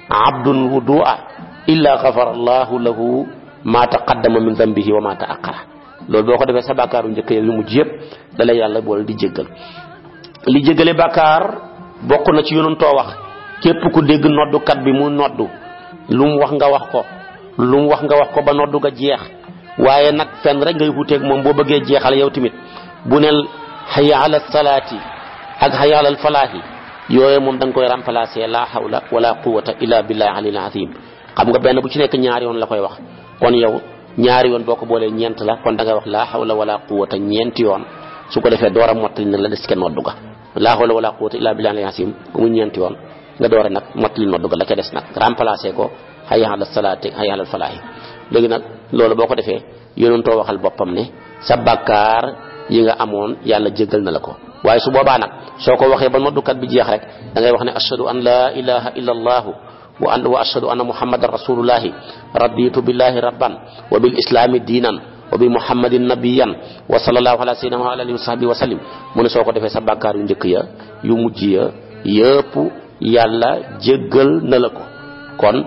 Speaker 1: abdun wudu'a illa xafara allahu lahu ma taqaddama min dambihi wa ma ta'akhara loolu boo ko defee sa bàkkaaru njëkk yu mujj yëpp da lay yàlla boole di jéggal li jéggale bàkkaar bokk na ci yonantoo wax képp ku dégg noddukat bi mu noddu lu mu wax nga wax ko lu mu wax nga wax ko ba noddu ga jeex waaye nag fenn rek ngay wuteeg moom boo bëggee jeexal yow tamit bu nel hayya ala salaati ak hayya ala falaahi yooyu moom da nga koy remplacer la hawla wala quwwata illa billahi alil azim xam nga benn bu ci nekk ñaari yoon la koy wax kon yow ñaari yoon boo ko boolee ñeent la kon da ngay wax la hawla wala quwwata ñeenti yoon su ko defee door a mottali nag la kenn noddu ga la hawla wala quwwata illa billahi alil azim mu ñeenti yoon nga doore nak mottali nodd ga la ca dess nak remplacer ko hayya ala salati hayya ala falaahi legi nak lolu boko defé defee yonentoo waxal bopam ne sa bàkkaar yi nga amone yàlla jéggal na la ko waaye su boba nak soko waxe waxee ma noddukat bi jeex rek da ngay wax ne ashhadu an la ilaha illa allah wa an wa ashhadu anna muhammadar rasulullah raditu billahi rabban wa bil islam diinan wa bi muhammadin nabiyan wa sallallahu ala sayyidina wa alihi wa sahbihi wa sallim mu ne soo ko defee sa bàkkaar yu njëkk ya yu mujj yëpp yàlla jéggal na la ko kon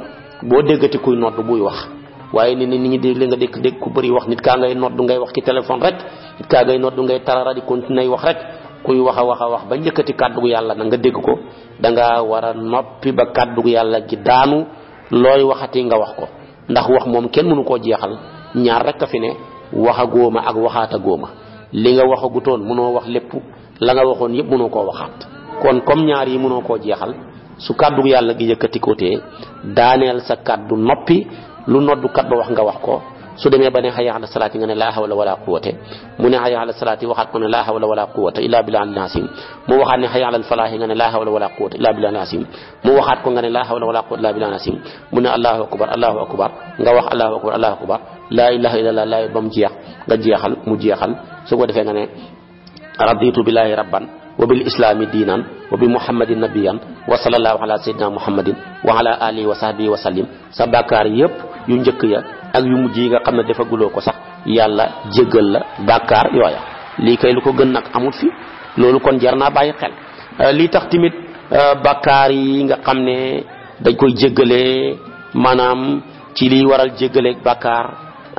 Speaker 1: boo déggati kuy nodd buy wax waaye ni nit ñi di li nga dégg dégg ku bëri wax nit kaa ngay nodd ngay wax ci téléphone rek nit kaa ngay nodd ngay tarara di wax rek kuy wax a wax a wax ba njëkkati kàddu yàlla na nga dégg ko danga war a noppi ba kàddu yàlla gi daanu looy waxati nga wax ko ndax wax moom kenn mënu koo jeexal ñaar rek a fi ne wax a góoma ak waxaat a góoma li nga waxagutoon mënoo wax lépp la nga waxoon yëpp mënoo koo waxaat kon comme ñaar yi mënoo koo jeexal su kàddu yàlla gi yëkkati kootee daaneel sa kàddu noppi lu noddukat ba wax nga wax ko su demee ba ne hayya ala salaati nga ne laa hawla wala quwata mu ne hayya ala salaati waxaat ko ne laa hawla wala quwata illa billah al-azim ne hayya ala al-falaahi nga ne laa hawla wala quwata illa billah al-azim mu waxaat ko nga ne laa hawla wala quwata illa billah al-azim mu ne allahu akbar allahu akbar nga wax allahu akbar allahu akbar laa ilaha la laa ba mu jeex nga jeexal mu jeexal su ko defee nga ne raditu billahi rabban wa bil islaami diinan wa bi muhammadin nabiyan wa sallallahu ala muhammadin wa ala alihi wa sahbihi wa sallim sa bàkkaar yépp yu njëkk ya ak yu mujj yi nga xam ne dafa guloo ko sax yàlla jéggal la bàkkaar yooya lii kay lu ko gën nag amut fi loolu kon jar naa bàyyi xel euh, lii tax tamit euh, bakkaar yi nga xam ne dañ koy jéggalee maanaam ci liy waral jéggaleeg bàkkaar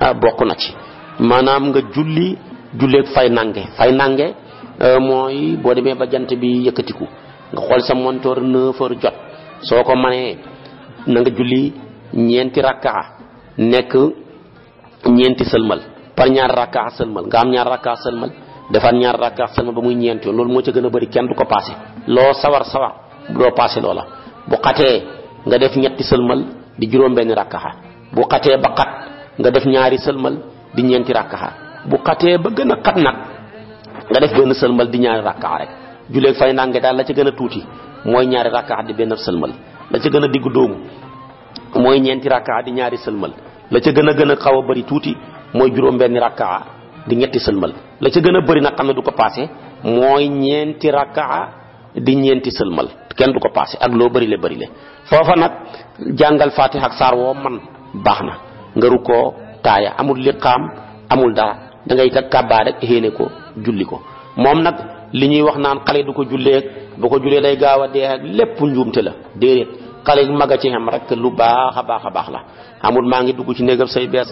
Speaker 1: euh, bokk na ci maanaam nga julli julleeg fay nange fay nange Euh, moy bo demee ba jant bi yëkkatiku nga xol sa montor 9 heures jot soko mané na nga julli ñenti rakkaa nek ñenti selmal par ñaar rakkaa selmal nga am ñaar rakkaa selmal defaat ñaar rakkaa selmal ba muy lool mo ci gëna bari kenn du passé lo sawar sawar do passé lo bu xaté nga def ñetti selmal di juroom ben rakkaa bu xaté ba xat nga def ñaari selmal di ñenti rakkaa bu xaté ba gëna xat nak nga def benn sëlmal di ñaari rakkaa rek juleeg fay nange daal la ca gën a tuuti mooy ñaari rakkaa di benn sëlmal la ca gën a diggu dóomu mooy ñeenti rakkaa di ñaari sëlmal la ca gën a gën a xaw a bëri tuuti mooy juróom benni rakkaa di ñetti sëlmal la ca gën a bëri nag xam ne du ko passé mooy ñeenti rakkaa di ñeenti sëlmal kenn du ko passé ak loo bëri le bëri le foofa nag jàngal Fatiha ak saar woo man baax na nga rukkoo taaya amul liqaam amul dara dangay ngay kàbbaa rek xéene ko julli ko moom nag li ñuy wax naan xale du ko julleeg bu ko jullee day gaaw a dee ak lépp njuumte la déedéet xale mag a ci xam rek lu baax a baax a baax la amul maa ngi dugg ci néegam say bees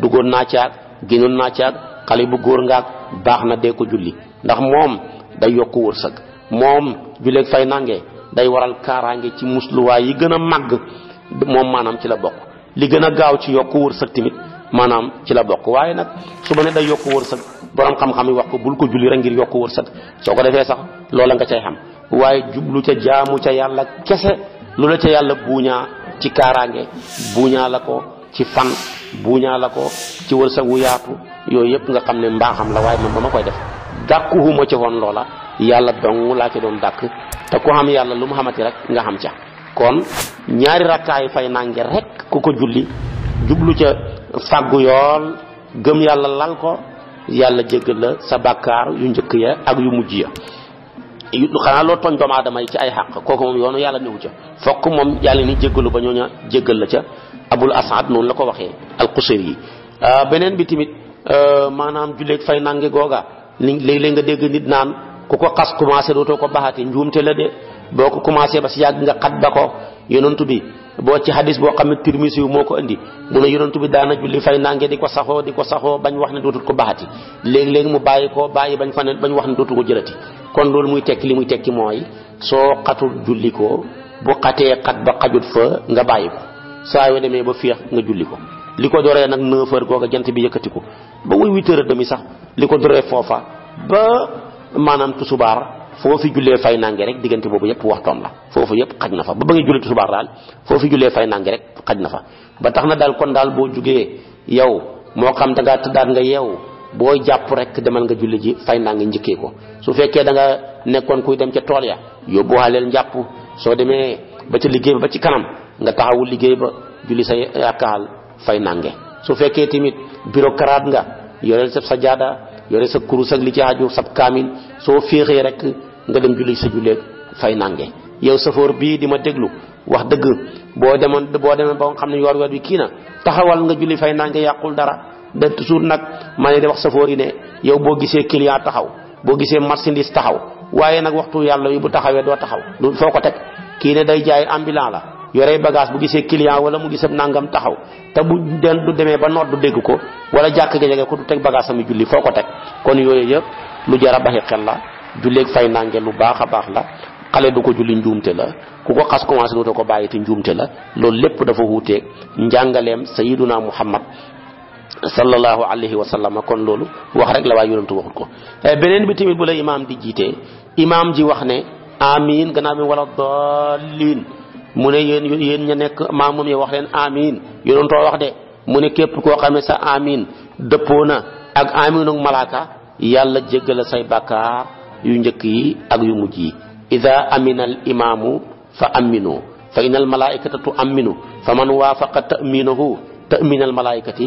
Speaker 1: duggoon naa caag génnoon naa caag xale bu góor ngaak baax na dee ko julli ndax moom day yokk wërsëg moom julleeg fay nange day waral kaaraange ci musluwaay yi gën a màgg moom maanaam ci la bokk li gën a gaaw ci yokk wërsëg tamit maanaam ci la bokk waaye nag borom xam-xam yi wax ko bul ko julli rek ngir yokk wërsëg soo ko defee sax loola nga cay xam waaye jublu ca jaamu ca yàlla kese lu la ca yàlla buuñaa ci kaaraange buuñaa la ko ci fan buuñaa la ko ci wërsëg wu yaatu yooyu yëpp nga xam ne mbaaxam la waaye man ba ma koy def dàkkuwuma ci woon loola yàlla dong laa ci doon dàkk te ku xam yàlla lu mu xamati rek nga xam ca kon ñaari rakkaayu fay nange rek ku ko julli jublu ca fàggu yool gëm yàlla lal ko yàlla jéggal la sa bakkaar yu njëkk ya ak yu mujj ya xanaa loo tooñ doomu aadama yi ci ay xàq kooku moom yoonu yàlla néew ca fokk moom yàlla ni jéggalu ba ñooña jéggal la ca abul asad noonu la ko waxee alxuseyr yi euh, beneen bi tamit euh, maanaam julleeg fay nange googa léeg-léeg nga dégg nit naan ku ko xas commencé dootoo ko baxaati njuumte la de boko commencé ba ci yag nga xat tubi, ko yonantu bi bo ci hadis bo xamni tirmisi yu andi ko indi mu ne yonantu bi daana julli fay nange di saxo diko di ko bañ wax ne dotul ko bahati leg leg mu bayiko ko bàyyi bañ fa wax ne ko jëlati kon loolu muy tek li muy tek moy so xatu julli ko bu xatee xat ba xajut fa nga bayiko ko saa demé ba fiix nga julli ko li ko doree nag neuf heures jant bi yëkëti ko ba wuy huit demi sax liko doré fofa ba fofu julle fay nangé rek digënté bobu yépp waxtam la fofu yépp xajna fa ba ba nga julé subar dal fofu julle fay nangé rek xajna fa ba taxna dal kon dal bo juggé yow mo xam da nga tudat nga yow boy japp rek demal nga julle ji fay nangé ñëkke ko su fekké da nga nekkon kuy dem ci tool ya yobbu halel japp so démé ba ci liggéey ba ci kanam nga taxawul liggéey ba julli sa yakal fay nangé su fekké timit bureaucrate nga yorel sa sajada yore sa kurus ak li ci aju sab kaamil soo féexee rek nga dem julli sa julleeg fay nange yow safoor bii di ma déglu wax dëgg boo demoon boo demoon ba xam ne yoor weer bi kii na taxawal nga julli fay nange yàqul dara da toujours nag maa ngi di wax safoor yi ne yow boo gisee client taxaw boo gisee marchandise taxaw waaye nag waxtu yàlla wi bu taxawee doo taxaw foo ko teg kii ne day jaay ambulant la yore bagage bu gisee client wala mu gisee nangam taxaw te bu den du demee ba noot du dégg ko wala jàkk ga jege ko du teg bagage sama julli foo ko teg kon yooyu yëpp lu jar a baxi xel la julleeg fay nange lu baax a baax la xale du ko julli njuumte la ku ko xas commencé dootoo ko bàyyi te njuumte la loolu lépp dafa wuuteeg njàngaleem sayiduna muhammad sallallahu alayhi wa sallam kon loolu wax rek la waaye yonentu waxut ko eh, beneen bi tamit bu la imaam di jiitee imaam ji wax ne amin gannaaw mi wala dallin mu ne yéen yéen ña nekk maamum yi wax leen amin yéen too wax de mu ne képp koo xam ne sa amin dëppoo na ak aminu malaaka yàlla jéggala say bàkkaar yu njëkk yi ak yu mujj yi ida amina al imaamu fa aminu fa in al malaikata tu aminu fa man waafaqa taminahu taminal malaikati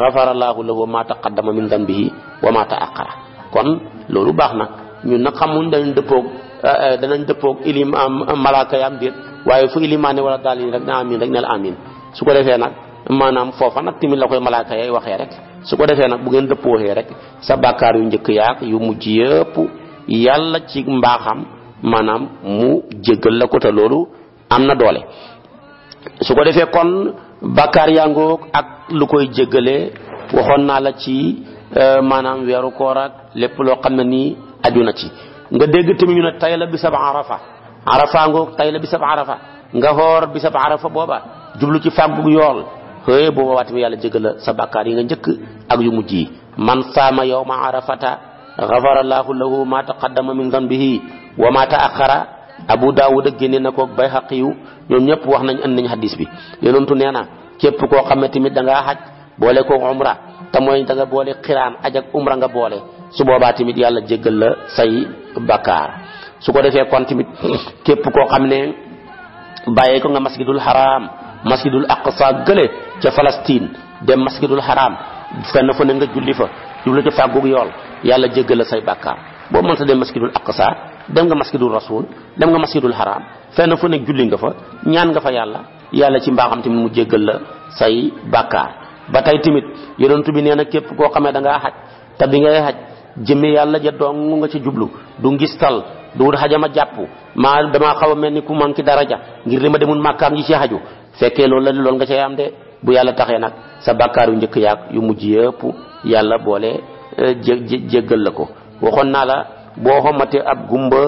Speaker 1: gafara laahu lahu ma taqaddama min dambihi wa ma taaqara kon loolu baax na ñu nag xamuñ dañ dëppoog danañ eh, eh, depok ilim am malaka yam dit waye fu ilimane wala daal rek na amin rek nel amin su ko defé nak manam fofa nak timi la koy malaka yay waxee ya, rek su ko defé nak bu ngeen dëppooxee ya, rek sa bakkar yu njëkk yaak yu mujj yëpp yalla ci mbaxam manam mu jéggal la ko ta lolu amna doole su ko defé kon bakkar yangoog ak lu koy jéggalee waxon na la ci manam wéru ko ak lepp lo ni aduna ci nga dégg tamit ñu ne la bisab arafa arafa tay la bisab arafa nga xoor bisab arafa booba jublu ci fàggu yool xëy booba waa tamit yàlla jëgal la sa bàkkaar yi nga njëkk ak yu mujj yi man saama yawma arafata gafara laahu lahu ma taqaddama min danbihi wa ma taaxara abu daawuda génne na ko bayhaqi yu ñoom ñëpp wax nañ andi nañ hadis bi yonentu nee na képp koo xam ne tamit da xaj boole ko umra te mooy da nga boole xiraan aj ak umra nga boole su boba timit yalla jéggal la say bakar. su ko defé kon timit képp ko xamné ne ko nga masjidul haram masjidul aqsa gele ci falastin dem masjidul haram fenn fa ne nga julli fa jublu ci fagu yool yalla jéggal la say bakar. boo mënta dem masjidul aqsa dem nga masjidul rasul dem nga masjidul haram fenn fa nekk julli nga fa ñaan nga fa yalla yalla ci timit mu jéggal la say bakar. Batay timit, tamit bi neena kep ko xamé da nga xaj ta bi ngay xaj jëmmi yàlla ja dong nga ci jublu du ngistal du wut xajama jàpp maa damaa xaw a mel ni ku manqué daraja ngir di ma demul màkkaam ji ci xaju fekkee loolu la loolu nga cay am de bu yàlla taxee nag sa bàkkaar njëkk yaag yu mujj yëpp yàlla boole eh, jé jéggal la ko waxoon naa la boo xamate ab gumba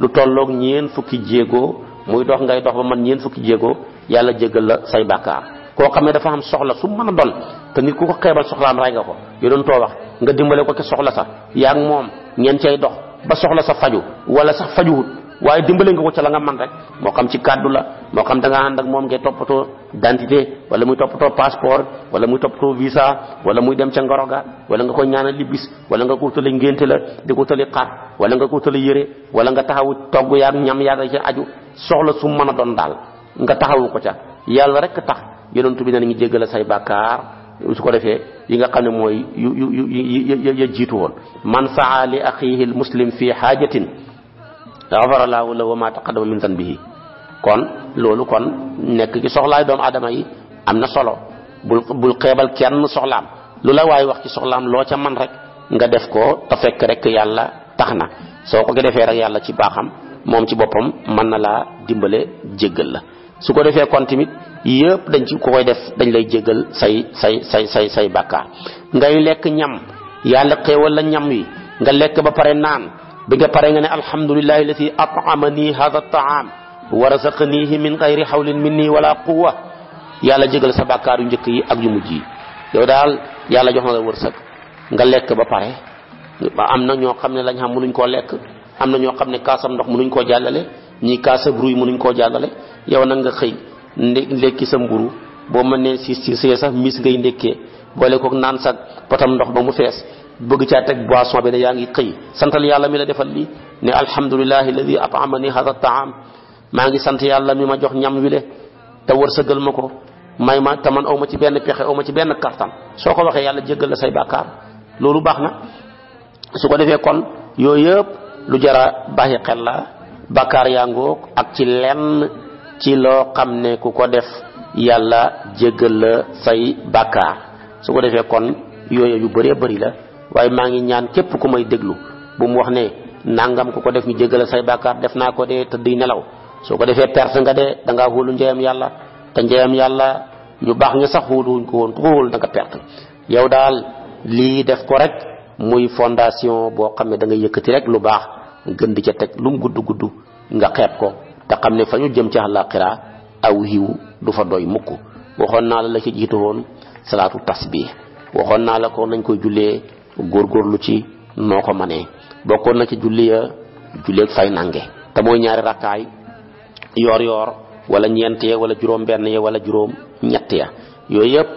Speaker 1: lu tolloog ñeen fukki jéego muy dox ngay dox ba man ñeen fukki jéego yàlla jéggal la say bàkkaar ko xam dafa am soxla su mën dol doon te nit ku ko soxla am ray nga ko yo doon wax nga dimbalé ko ci soxla sa ya ak mom ñen cey dox ba soxla sa faju wala sax wut waye dimbalé nga ko ci la nga man rek mo xam ci kàddu la mo xam da nga and ak mom ngay topato identité wala muy topato passeport wala muy topato visa wala muy dem ci ngoroga wala nga ko ñaanal li bis wala nga ko tele ngenté la diko tele utale wala nga ko tele yéré wala nga taxawu togg ak ñam ci aju soxla su mën don dal nga taxawu ko ca yalla rek tax yonentu bi nañu jéggal say bakkaar su ko defé yi nga xamné moy yu yu yu ya man saa li akhihi muslim fi hajatin ghafara lahu wa ma taqaddama min dhanbihi kon lolu kon nek ci soxla doom adama yi amna solo bul bul xeebal kenn soxlam lu la wax ci soxlam lo ca man rek nga def ko ta fek rek yalla taxna soko ko rek yalla ci baxam mom ci bopam man na la dimbalé jéggal la su ko defee kon tamit yëpp dañ ci ko koy def dañ lay jéggal say say say say say bàkkaar ngay lekk ñam yàlla xéewal la ñam yi nga lekk ba pare naan bi nga pare nga ne alhamdulillah alhamdulillahi allati at'amani hadha taam wa razaqanihi min gayri hawlin nii wala quwwa yàlla jégal sa bàkkaar yu njëkk yi ak yu mujj yi yow daal yàlla jox na la wërsëg nga lekk ba pare am na ñoo xam ne lañ xam mënuñ koo lekk am na ñoo xam ne kaasam ndox mënuñ koo jàllale ñii kaasab ruy mënuñ koo jàllale yow nag nga xëy ndekki sa mburu boo mënee siis ci sax mis ngay ndékkee boole kook naan sa potam ndox ba mu fees bëgg caa teg boisson bi ne yaa ngi xëy santal yàlla mi la defal li ne alhamdulillahi alladi atamani hada taam maa ngi sant yàlla mi ma jox ñam wile te war wërsëgal ma ko may ma te man aw ma ci benn pexe aw ci benn kartan soo ko waxee yàlla jéggal la say bàkkaar loolu baax na su ko defee kon yooyu yëpp lu jara bàyyi xel la bàkkaar ci loo xam ne ku ko def yàlla jéggal la say bàkkaar su ko defee kon yooyu yu bëree bëri la waaye maa ngi ñaan képp ku may déglu bu mu wax ne nangam ku ko def ñu jéggal la say bàkkaar def naa ko dee te di nelaw soo ko defee perte nga dee da ngaa wóolu njëyam yàlla te njëyam yàlla ñu baax ñu sax wóoluwuñ ko woon ku ko wóolu da nga perte yow daal lii def ko rek muy fondation boo xam ne da yëkkati rek lu baax gën di ca teg lu gudd gudd nga xeeb ko te xam ne fa ñu jëm ci àllaaxira aw yiw du fa doy mukk waxoon naa la la ci jiitu woon salaatu tasbih waxoon naa la ko nañ koy jullee góorgóorlu ci noo ko manee bokkoon na ci julli ya julleeg fay nange te mooy ñaari rakkaay yoor yoor wala ñeent ya wala juróom mbenn ya wala juróom ñett ya yooyu yëpp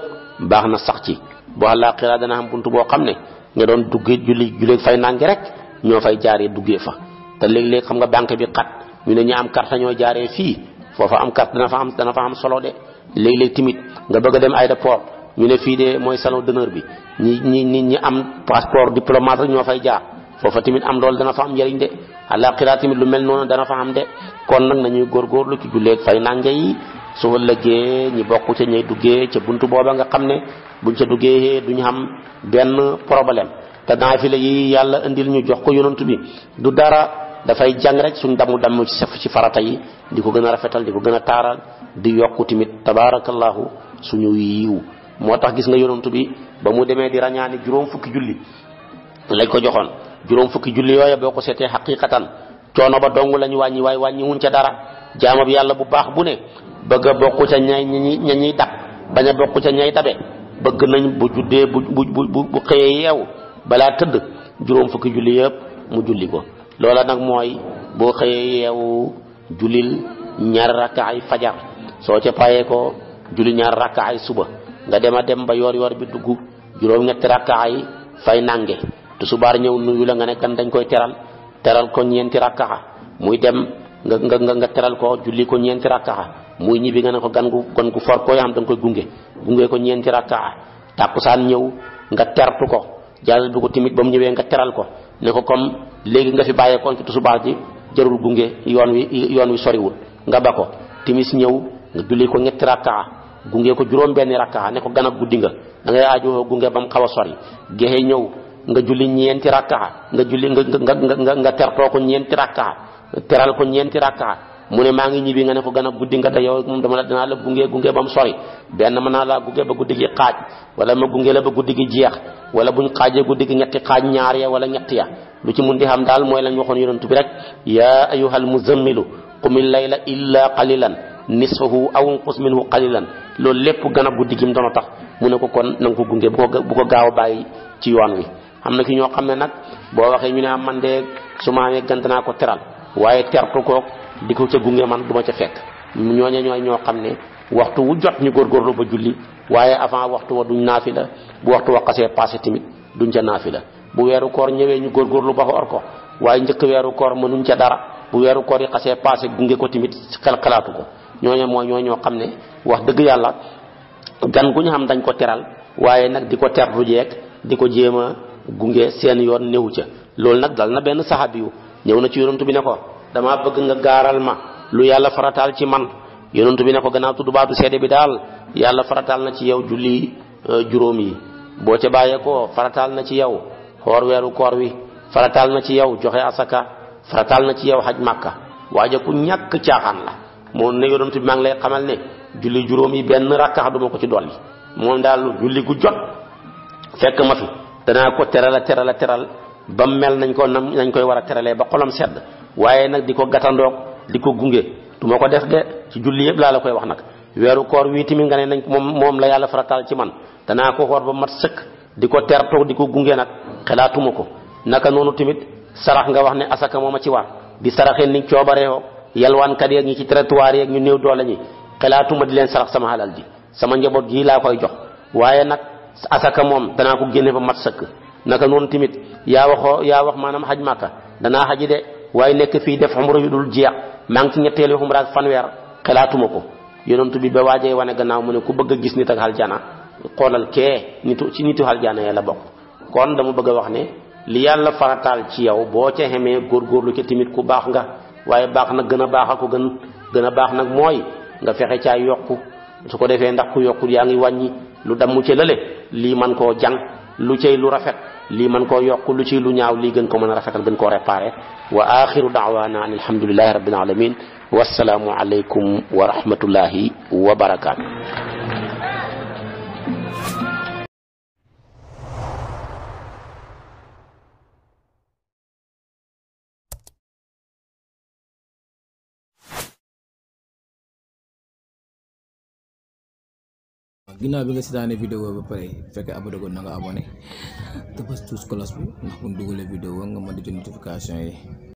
Speaker 1: baax na sax ci bu àllaaxira dana am bunt boo xam ne nga doon duggee julli julleeg fay nange rek ñoo fay jaaree duggee fa te léeg-léeg xam nga banque bi ñu ne ñi am carte ñoo jaaree fii foofa am carte dana fa am dana fa am solo de léeg-léeg timit nga bëgg dem aéroport ñu ne fii de mooy salon d'honneur bi ñi ñi ñi ñi am passeport diplomate ñoo fay jaar foofa timit am loolu dana fa am njëriñ de alaxira timit lu mel noonu dana fa am de kon nag nañuy góorgóorlu ci julleeg fay nange yi su ëllëgee ñi bokk ca ñay duggee ca buntu booba nga xam ne buñ ca duggee duñ am benn problème te naafila yi yàlla indil ñu jox ko yonantu bi du dara fay jang rek sun damu damu ci ci farata yi di gëna rafetal di gëna taral di yokku timit tabarakallahu suñu yiwu motax gis nga yonantu bi ba mu demee di rañani juroom fukki julli lañ ko joxon juroom fukki julli yoy boko sété haqiqatan xaqiqatan coono ba dongu lañu wañi way wañi wuñ ca dara jaamab yalla bu baax bu ne bëgg bokku ca ñay ñi ñi ñi baña bokku ca ñay tabé bëgg nañ bu juddé bu bu bu xeyé xëyee bala balaa juroom fukki julli mu julli ko Lola nag mooy boo xëyee yow julil ñaar ay fajar soo ca payee ko julli ñaar rakkaay suba nga dema dem ba yor yor bi dugg juróom ñetti ay fay nange tu subaar ñëw nuyu la nga ne dañ koy teral teral ko ñeenti rakkaxa muy dem nga nga nga nga teral ko julli ko ñeenti rakkaxa muy ñibi nga ne ko gan gu gan gu for ko yam dañ koy gunge gunge ko ñeenti rakkaxa takusan ñëw nga tertu ko jaal bi ko timit bam nga teral ko ne ko comme léegi nga fi bàyyeekoon ci tusubaar ji jërul gunge yoon wi yoon wi soriwul nga ba ko timis ñëw nga julli ko ñetti rakkaa gunge ko juróom benni rakkaa ne ko gan ak guddi nga dangay ngay aajowoo gunge ba mu xaw a sori gexe ñëw nga julli ñeenti rakkaa nga julli nga nga nga nga tertoo ko ñeenti rakkaa teral ko ñeenti rakkaa mu ne maa ngi ñibbi nga ne ko gën a guddi nga te yow moom dama la dinaa la gunge gunge ba mu sori benn mën naa laa gunge ba guddi gi xaaj wala ma gunge la ba guddi gi jeex wala buñ xaajee guddi gi ñetti xaaj ñaar ya wala ñetti ya lu ci mun di xam daal mooy lañ waxoon yonent bi rek yaa ayyuhal muzammilu qumil layla illa qalilan nisfahu aw unqus minhu qalilan loolu lépp gën a guddi gi mu doon tax mu ne ko kon na ko gunge bu ko gaaw a bàyyi ci yoon wi am na ki ñoo xam ne nag boo waxee ñu ne ah man de su ma amee gant naa ko teral waaye tertu ko di ca gunge man duma ca fekk ñoña ñoy ño xamné waxtu wu jot ñu lu ba julli waaye avant waxtu wa duñ naafila bu waxtu wa xasee passé timit duñ ca naafila bu wéru koor ñëwé ñu lu ba or ko waye ñëk wéru koor mënuñ ca dara bu wéru koor yi xasee passé gunge ko timit xel xalaatu ko ñoña mo ñoo ñoo xam wax dëgg yalla gan guñu xam dañ ko téral waaye nak di ko tertu di ko gunge seen yoon néew ca lol nak dal na benn sahabiyu ñëw na ci yonantu bi ne ko damaa bëgg nga gaaral ma lu yàlla farataal ci man yonent bi ne ko gannaaw tudd baatu seede bi daal yàlla farataal na ci yaw julli euh, juróom yi boo ca bàyyeekoo farataal na ci yow weeru koor wi farataal na ci yow joxe asaka farataal na ci yow xaj màkka waaja ku ñàkk caaxaan la moom ne yonent bi maa lay xamal ne julli juróom yi benn rakkax duma ko ci dolli moom daal julli gu jot fekk ma fi danaa ko teral a teral a teral ba mel nañ koo ko nañ koy war a teralee ba xolam sedd waaye nag di ko gàttandoog di ko gunge du ma ko def de ci julli yëpp laa la koy wax nag weeru koor wii tamit nga ne nañ moom moom la yàlla farataal ci man danaa ko xoor ba mat sëkk di ko tertoog di ko gunge nag xelaatuma ko naka noonu tamit sarax nga wax ne asaka moom a ci war di saraxee ni coobareewoo yalwaankat yeeg ñi ci territoire yeeg ñu néew doole ñi xelaatuma di leen sarax sama halal ji sama njaboot gii laa koy jox waaye nag asaka moom danaa ko génne ba mat sëkk naka noonu tamit yaa waxoo yaa wax maanaam xaj màkka danaa xaji de waaye nekk fii def xumra yu dul jeex maa ngi ci ñetteelu xumra ak fanweer xelaatuma ko yonent bi ba waajee wane gannaaw ma ne ku bëgg a gis nit ak aljana xoolal kee nitu ci nitu aljana ya la bokk kon dama bëgg a wax ne li yàlla farataal ci yow boo ca xemee góorgóorlu ca tamit ku baax nga waaye baax nag gën a baax a ko gën gën a baax nag mooy nga fexe caa yokku su ko defee ndax ku yokku yaa ngi wàññi lu damm ca lële lii man koo jàng lu cay lu rafet lii mën koo yokk lu ciy lu ñaaw lii gën ko mën a rafetal gën koo réparé wa axiru daawaana an alhamdulilahi rabbil alamin wasalaamu aleykum wa rahmatullahi wa barakaatu ginnaaw bi nga seetaanee vidéo ba pare fekk abonné ko na nga abonné te bës touche cloche bi ndax bu ñu dugalee nga mën di jot notification yi